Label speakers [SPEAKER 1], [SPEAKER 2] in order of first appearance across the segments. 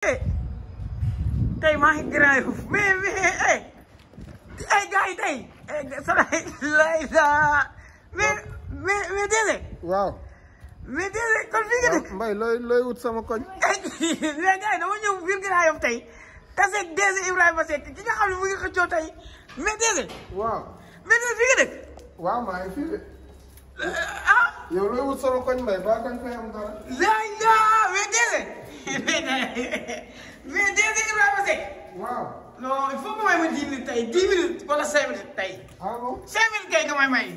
[SPEAKER 1] Hey, tay mai kirai me me hey hey guy lại sarai Liza me me me dele wow con me dele configure bay loy loy wut sama koñ le guy dama ñew vir kirai yof tay tass ak Désiré Ibrahima Seck ki nga xam ne mu ngi xëccoo cái me dele
[SPEAKER 2] waaw me dele fi nga dëkk waaw maa ngi fi de ah yow loy wut sama koñ mbay ba koñ fay am dara la la me dele mais deux
[SPEAKER 1] heures laa ko see. waaw non il faut que may ma dix minutes tey dix minutes wala cinq minutes tey. ah bon cinq minutes kay nga may may.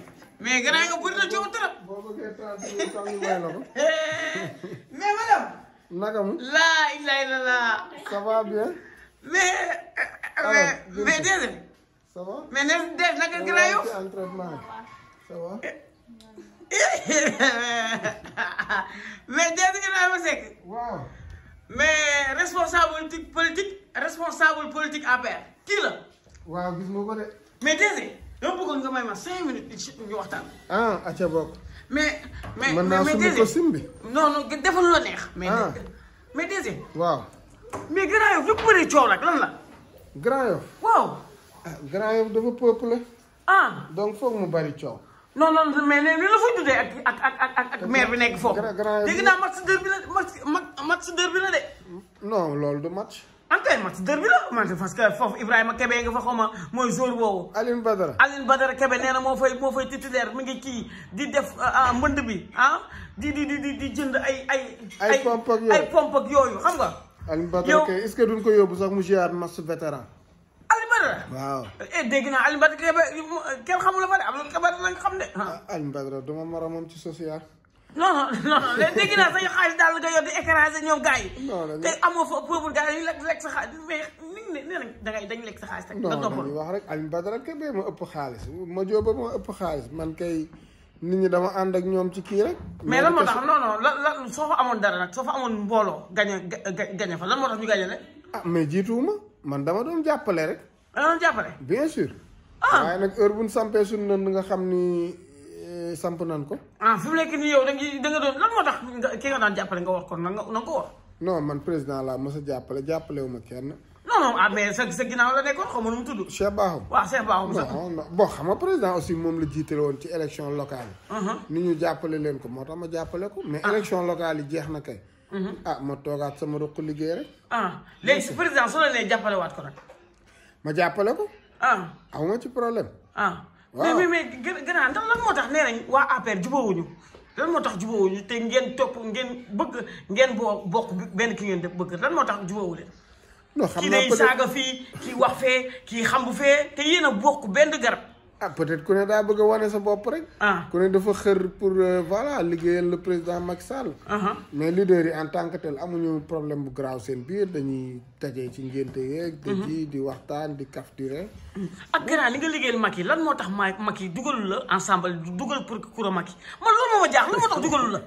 [SPEAKER 1] mais gannaaw nga bëri na coow trop. boo bëggee trente minutes am ñu may la ko. mais madame. naka mu. la ilaha illallah. meu va bien. mais. mais mais déedéet. ça va mais ne def naka gannaaw yow. entraînement ça va. mais déedéet nga mais responsable politique responsable politique APR kii la.
[SPEAKER 2] waaw gis nga ko de.
[SPEAKER 1] mais Désiré dama bëggoon nga may ma cinq minutes ñu waxtaan.
[SPEAKER 2] ah acca bokk.
[SPEAKER 1] mais mais mais mais Désiré non non defal loo neex. mais ah. mais Désiré. waaw. mais Grand Yoff yëpp bëri coow nag lan la. Grand Yoff. waaw. ah Grand Yoff dafa peuplé. Ah. donc foog mu bari coow. non non mais nee na la fay tuddee ak ak ak ak ak maire bi nekk foofu. dégg naa match derby la match de. non lool du match. en tout cas match derby la man parce que foofu Ibrahima Kébé nga fa xaw ma mooy jour boobu. Alioune Badara Alioune Badara Kébé nee moo fay moo fay titulaire mi ngi kii di def ah, ah, mbënd bi ah di di di di jënd ay ay. ay pompe ak yooyu ay pompe ak yooyu xam nga. Alioune Badara Kébé
[SPEAKER 2] est-ce que ko yóbbu sax mu jiyaat match vétéran. la. waaw
[SPEAKER 1] eh dégg naa Alioune Badara kenn xamul la fa de am na kabar lañ xam de. ah
[SPEAKER 2] Alioune ci social.
[SPEAKER 1] non non non léegi dégg naa sax xaalis daal nga yor di écraser ñoom gars yi. non non te amoo fa peuple gars yi lekk lekk sa xaalis mais nit ñi ne dangay dañ lekk
[SPEAKER 2] ma ëpp xaalis man kay nit ñi dama ànd ak ñoom ci kii mais lan moo tax non
[SPEAKER 1] non soo fa amoon dara nag soo fa amoon mbooloo gañe gañe fa la moo tax ñu gañe rek.
[SPEAKER 2] ah mais jiituwuma man dama doon jàppale rek. da doon jàppale. bien sûr. ah waaye nag heure bu ñu sampee suñu nan nga xam ni eh, samp nan ko.
[SPEAKER 1] ah fu mu nekk nii yow
[SPEAKER 2] da nga doon lan moo tax ki nga daan jàppale nga wax ko nan nga nan ko wax. man président laa mos jàppale jàppale wu ma kenn. non non ah mais sa sa ginnaaw mu tudd. Cheikh Bakhoum waaw xam nga président aussi moom la jiitale woon ci élection locale yi. Uh-huh. ni ñu jàppale leen ko moo tax ma jàppale ko. mais ah. élection locale yi jeex na kay. Uh-huh. ah ma toogaat sama ruq liggéey rek.
[SPEAKER 1] ah léegi président soo la nee jàppale waat ko nag.
[SPEAKER 2] ma jàppale ko. ah amoo ci
[SPEAKER 1] problème. ah mais mais mais gën a lan moo tax nee nañ waa APR jubóowuñu lan moo tax jubóowuñu te ngeen topp ngeen bëgg ngeen boo bokk benn ki ngeen def bëgg lan moo tax jubóowu leen. non xam naa kii saaga fii kii wax fee kii xambu fee te yéen a bokk benn
[SPEAKER 2] garab. ah peut-être ku ne daa bëgg a wane sa pour rek. ku ne dafa xër pour voilà liggéeyal le président Macky Sall. Ah, ah. mais leader yi en tant que tel amuñu problème bu grave seen biir dañuy tajee ci ngénte yeeg. daji mhm. di waxtaan di kaf di rek.
[SPEAKER 1] ak grand li nga liggéeyal Macky lan moo tax Macky dugalul la ensemble dugal pour Coura Macky man loolu moo ma jaax lan moo tax dugalul la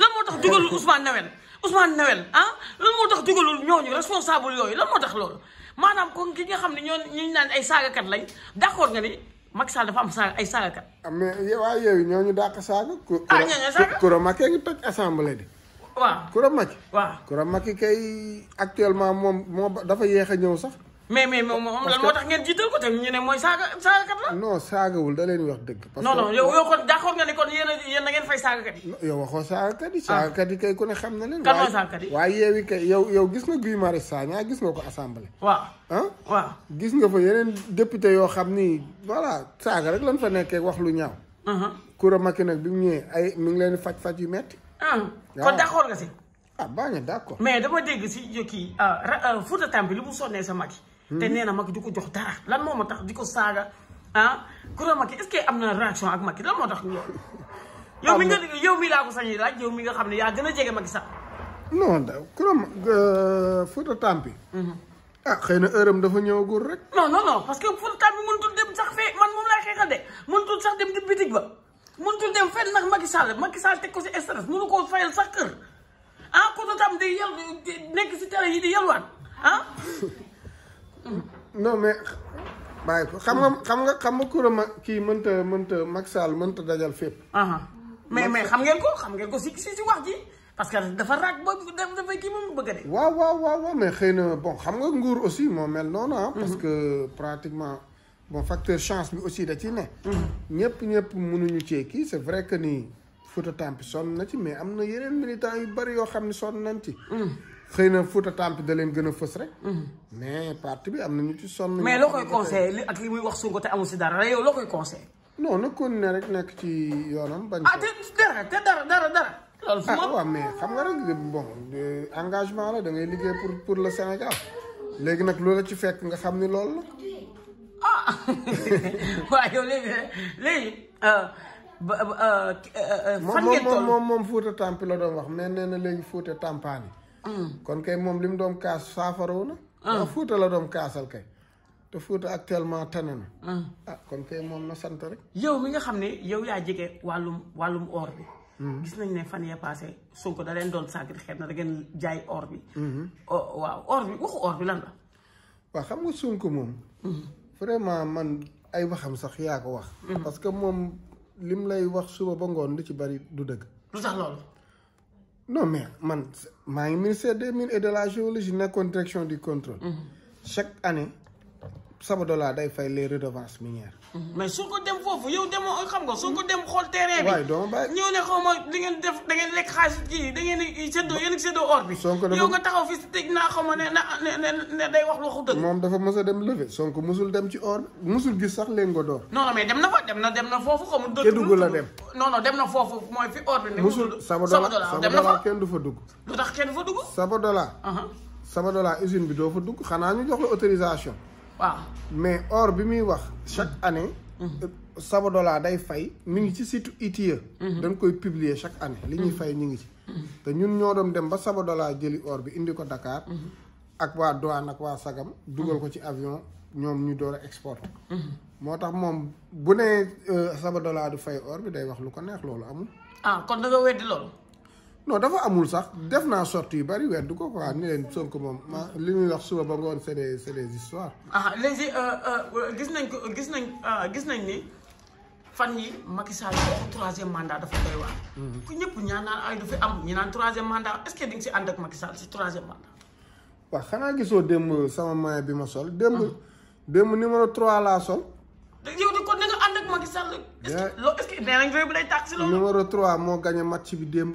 [SPEAKER 1] lan moo tax dugalul Ousmane Nawel Ousmane Noël ah lan moo tax dugalul ñooñu responsable yooyu lan moo tax loolu maanaam kon ki nga xam ne ñoo ñu naan ay saagakat lañ d'accord nga ni. Macky Sall dafa am saaga ay saagakat.
[SPEAKER 2] Ah, mais waaye yooyu ñoo ñu dàq saaga. ah ñooñu saaga Koura Macky ngi toj assemblée bi. waaw Koura Macky. waaw Koura Macky kay actuellement moom moo dafa yéex a ñëw sax.
[SPEAKER 1] mais mais moom lan moo tax ngeen jiital ko tamit ñu ne mooy saaga saagakat
[SPEAKER 2] la. non saagawul da leen wax dëgg. parce que non non yow yow
[SPEAKER 1] kon d'accord nga ne kon a yéen da ngeen fay saagakat
[SPEAKER 2] yi. Ah. na leen. kan mooy saagakat yi yow yow gis nga Guy Marius Sagna gis nga ko assemblée. waaw ah. waaw gis nga fa yeneen député yoo xam ni voilà saaga rek lan fa nekkee wax lu ñaaw. Koura uh-huh. Macky nag bi ay mi ngi leen faj faj yu metti ah. kon d'accord nga si. ah d'accord.
[SPEAKER 1] mais dama dégg si kii ah, euh, Fouta Tampi li mu sonnee sa Macky te hmm? nee na Macky du ko jox dara lan moo ma tax di ko saaga ah kuréel Macky est am na réaction ak Macky lan moo tax loolu. yow mi yow mi laa ko sañee laaj yow mi nga xam ne yaa gën a jege Macky sax.
[SPEAKER 2] non da kuréel Fouta Tampi. Mhm. ah na heure am dafa ñëwagul rek.
[SPEAKER 1] non parce que Fouta Tampi mënutul dem sax fee man moom laay xeexal ko si stress a koo fayal sax kër ah Fouta Tampi day yal yi di yalwaan
[SPEAKER 2] ah. no mais bàyyi ko xam nga hmm. xam nga xam nga kuréel ma kii mënta mënta Macky Sall mënta dajal fépp.
[SPEAKER 1] mais mais xam ngeen ko xam ngeen ko si si si wax ji parce que dafa raag ba dafa kii moom bëgg a de.
[SPEAKER 2] waaw waaw waaw mais xëy na bon xam nga nguur aussi moo mel noonu ah. parce hmm. que pratiquement bon facteur chance bi aussi da ci ne. Hmm. ñëpp ñëpp mënuñu cee kii c'est vrai que ni Fouta Tampi sonn na ci mais am na yeneen militants yu bari yoo xam ne sonn nañ ci. xëy na Fouta Tampi da leen gën a fës rek. Mhm. mais parti bi am na ñu ci sonn. mais loo koy conseillé li
[SPEAKER 1] ak li muy wax Sonko te amul si dara
[SPEAKER 2] yow loo koy conseillé. non na kon ne rek nekk ci yoonam. bañ ah te dara te dara loolu fu ah, xam nga rek bon engagement da ngay liggéey pour pour le Sénégal léegi nag loola ci fekk nga xam ni loolu la. ah
[SPEAKER 1] waaw euh, euh, euh, moom moom
[SPEAKER 2] moom Fouta Tampi la doon wax mais nee na léegi Fouta Tampaani. Mm. kon kay moom li mu doon kaas saafarawu na mm. waaw Fuuta la doon kaasal kay te Fuuta actuellement tane na mm. ah kon kay moom na sant rek
[SPEAKER 1] yow mi nga xam ne yow yaa jege wàllum wàllum or bi gis nañ ne fan yee passé Sonko da leen doon sàgg xeet na da ngeen jaay or bi mm-hmm. waaw or bi
[SPEAKER 2] waxu or bi lan la waaw xam nga Sonko moom mm-hmm. vraiment man ay waxam sax yaa ko wax mm-hmm. parce que moom lim lay wax suba ba ngoon li ci bari du dëgg lu tax loolu non mais man maa ngi ministère des mines et de la géologie nekkoon direction du contrôle. Mhm. chaque année Sabodala day fay les redevances minières. Mm-hmm.
[SPEAKER 1] mais su ko dem foofu yow demoo xam nga su ko dem xool terrain bi. waay doom bàyyi xaw ma da ngeen def da ngeen lekk xaalis da ngeen di séddoo yéen a bi. yow nga taxaw fi si naa xaw ma ne na
[SPEAKER 2] ne day wax waxu moom dafa mos a dem levé mosul dem ci or mosul gis sax leen nga door.
[SPEAKER 1] non non mais dem na fa dem na dem na foofu xaw ma. dëgg dugg la dem non non dem na foofu mooy fi or bi. mosul Sabodala Sabodala
[SPEAKER 2] kenn du fa dugg. tax kenn du fa dugg. Sabodala. Uh-huh. Sabodala usine bi doo fa dugg xanaa ñu jox la autorisation waaw mais or bi muy wax chaque année. Mm-hmm. Sabodala day fay mi ngi ci site ITIE. Mm-hmm. dañ koy publier chaque année. li ñuy mm-hmm. fay ñu ngi ci. te ñun ñoo doon dem ba Sabodala jëli or bi indi ko dakaar ak waa douane ak waa Sagam. dugal ko ci avion ñoom ñu door a exporter. moo tax moom bu nee euh, Sabodala du fay or bi day wax lu ko neex loolu amul.
[SPEAKER 1] ah kon da nga weddi loolu.
[SPEAKER 2] non dafa amul sax def naa yi bari bëri du ko quoi ni leen Sonko moom ma li ñuy wax suba ba ngoon c'est des c'est des histoires.
[SPEAKER 1] ah léegi euh, euh, gis nañ ko gis nañ euh, gis nañ ni fan yi Macky Sall waxu troisième mandat dafa doy waar. Mhm. ku ñëpp ñaan naan ay du naan troisième mandat est si ànd ak Macky Sall si troisième mandat.
[SPEAKER 2] waaw xanaa gisoo démb sama maillot bi ma sol. démb ah. démb numéro 3 laa sol.
[SPEAKER 1] yow di kon ni nga ànd ak Macky Sall.
[SPEAKER 2] est-ce que moo gagné match bi démb.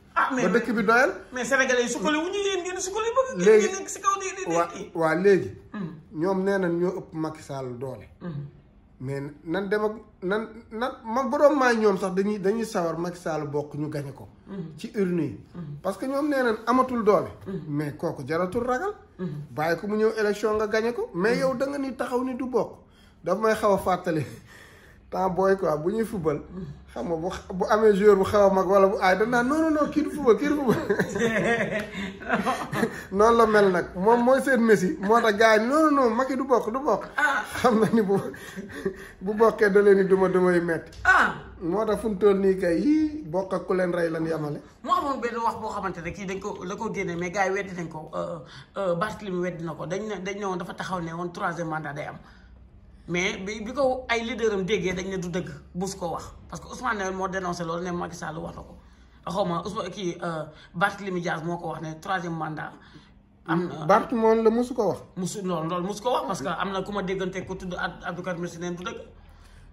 [SPEAKER 2] ah mais dëkk bi doyal. mais sénégalais yi sukkali
[SPEAKER 1] wu léegi ngeen
[SPEAKER 2] waa léegi. Hmm. ñoom nee nañ ñoo ëpp Macky Sall doole. Hmm. mais nan dem nan nan man bu doon ñoom sax dañuy dañuy sawar Macky Sall bokk ñu gañe ko. Hmm. ci urne yi. parce que ñoom nee nañ amatul doole. mais kooku jaratul ragal. bàyyi ko mu ñëw élection nga gañe ko. mais yow da nga ni taxaw ni du bokk. daf may xaw a fàttali. temps booy quoi bu ñuy fubal xam nga bu amee joueur bu xaw a mag wala bu aay dañ naan non non non kii du fubal kii du fubal noonu la mel nag moom mooy seen Messi moo tax gars yi non non du bokk du bokk. Ah. xam na ni bu bu da leen di duma duma yu metti. Ah. moo tax fu mu toll nii kay yii bokk ak ku leen rey lan yamale.
[SPEAKER 1] moo amoon benn wax boo xamante ne kii dañ ko la ko génne mais gars yi weddi nañ ko euh, euh, Barthélemy weddi na ko dañ ne dañ ne woon dafa taxaw ne woon troisième mandat day am. mais bi bi ko ay leader am déggee dañ ne du dëgg bus ko wax parce que Ousmane Noël moo dénoncé loolu ne Macky Sall wax na ko xaw ma Ousmane kii euh, Barthélémy Dias moo ko wax ne troisième mandat.
[SPEAKER 2] am na Bart moom la mosu ko wax.
[SPEAKER 1] mosu loolu loolu mosu ko wax parce que am na ku ma déggante ku tudd Abdou Karim Messi neen du dëgg.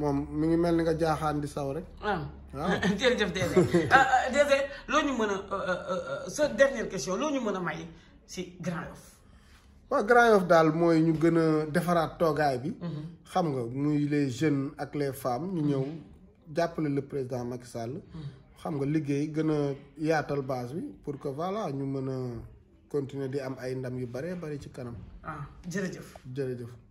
[SPEAKER 2] moom mi ngi mel ni nga jaaxaan di saw rek.
[SPEAKER 1] waaw ah. ah. jërëjëf DG ah, loo ñu mën a euh, euh, euh, sa question loo ñu mën may
[SPEAKER 2] si Grand Yoff. waaw Grand Yoff daal mooy ñu gën a defaraat toogaay bi. Mhm. xam nga muy les jeunes ak les femmes ñu ñëw jàppale le président Macky Sall. Mhm. xam nga liggéey gën a yaatal base bi pour que voilà ñu mën a continuer di am ay ndam yu bare bari ci kanam. ah jërëjëf jërëjëf.